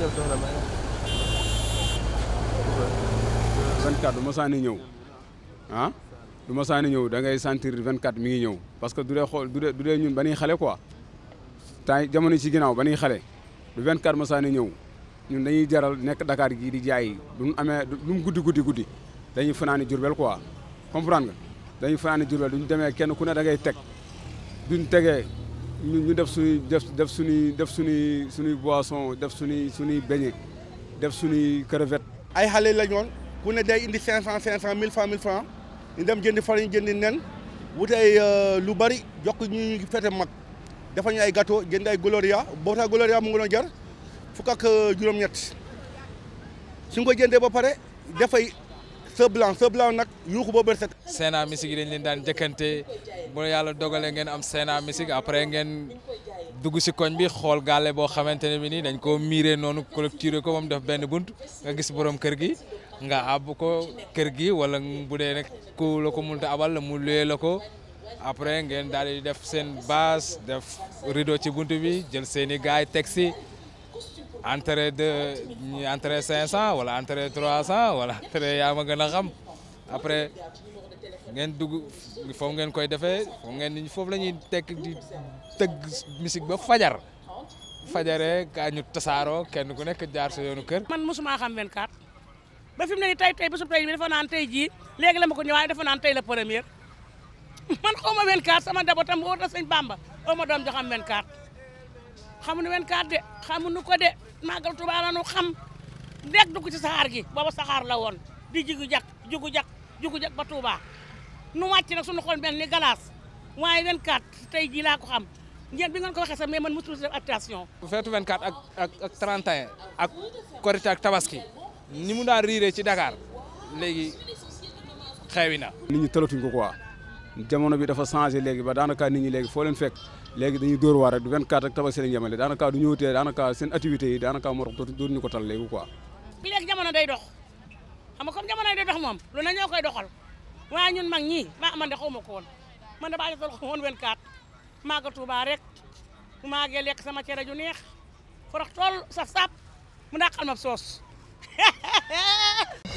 ñëw soxna ma. du ma ñëw ah du ma saa ñëw da ngay sentir 24 mi ngi ñëw parce que du dee xool du dee du dee ñun ba ñuy ko quoi temps jamono ci ginnaaw ba ñuy xale du vingt ma saa ñëw ñun dañuy jaral nekk Dakar gii di jaay du amee du mu guddi guddi guddi dañuy fanaani Jurbel quoi comprendre nga dañuy fanaani Jurbel duñ demee kenn ku ne da teg duñ tegee. ñu def suñuy def def suñuy def suñuy suñuy boisson def suñuy suñuy beñe def suñuy crevette ay xale la ñoon ku ne day indi cinq cent cinq cent mille franc mille franc ñu dem jëndi farine jëndi nen wutey euh, lu bari jox ñu ñu fete mag dafa ay gato jënd ay gloria boota gloria mu ngi doon jar fukk ak euh, juróom-ñett su nga ko jëndee ba pare dafay sœur blanc nag yuuxu ba bërset Sena misi dañ leen daan jëkkante bu ngeen am Sena misik après ngeen dugg si koñ bi xool gàlle boo xamante bi nii dañ koo miiree noonu collecturé ko moom def benn bunt nga gis borom kër gi nga àbb ko kër gi wala bu ko mënut a abal mu luyee la après ngeen daal di def seen base def rideau ci bi jël seni i taxi de entrée 500 wala entrée 300 wala entrée yaa ma gëna xam après ngeen dugg foofu ngeen koy defee foofu ngeen ni foofu la ñuy di tëgg musique ba fajar fajaree kaa ñu tasaaroo kenn ku nekk jaar sa yoonu kër. man mosuma xam 24 ba fi mu ne nii tey tey bésu dafa naan tey jii léegi la ko ñëwaay dafa naan la première man xaw 24 sama njabootam wóor na sëñ Bamba xaw ma doom jo xam 24. xamuñu 24 de xamuñu ko de màggal Tuubaa la ñu xam nekk dugg ci saxaar gi booba la di jigu jak jigu jak. jugu jag ba Touba nu wàcc nag suñu xool mel ni galaas waaye 24 tey jii laa ko xam ñeent bi ngeen ko waxee sax mais man mosul def attention. feetu 24 ak ak ak 31 ak korite ak tabaski ni mu daan riiree ci dakaar léegi xewi na. nit ñi talatuñ ko quoi jamono bi dafa changé léegi ba daanaka nit ñi léegi foo leen fekk léegi dañuy dóor waar rek du 24 ak tabaski lañ yemale daanaka du ñëwatee daanaka seen activités daanaka moo tax dootuñu ko tal léegi day dox. xam nga comme jamonoy di dox moom lu na ñoo koy doxal waaye ñun mag ñi ma ah, man de xaw ma ko woon man de bàyyi sol xaw woon 24 maa ko Tuuba rek bu maagee lekk sama cere ju neex forox tool saf-saf mu dàqal ma soos